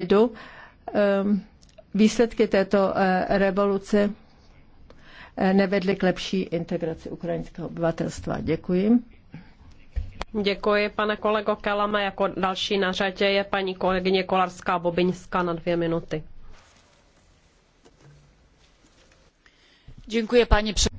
lidu ehm, výsledky této eh, revoluce eh, nevedly k lepší integraci ukrajinského obyvatelstva. Děkuji. Děkuji, pane kolego Kelame. Jako další na řadě je paní kolegyně Kolarská Bobiňská na dvě minuty. Děkuji, paní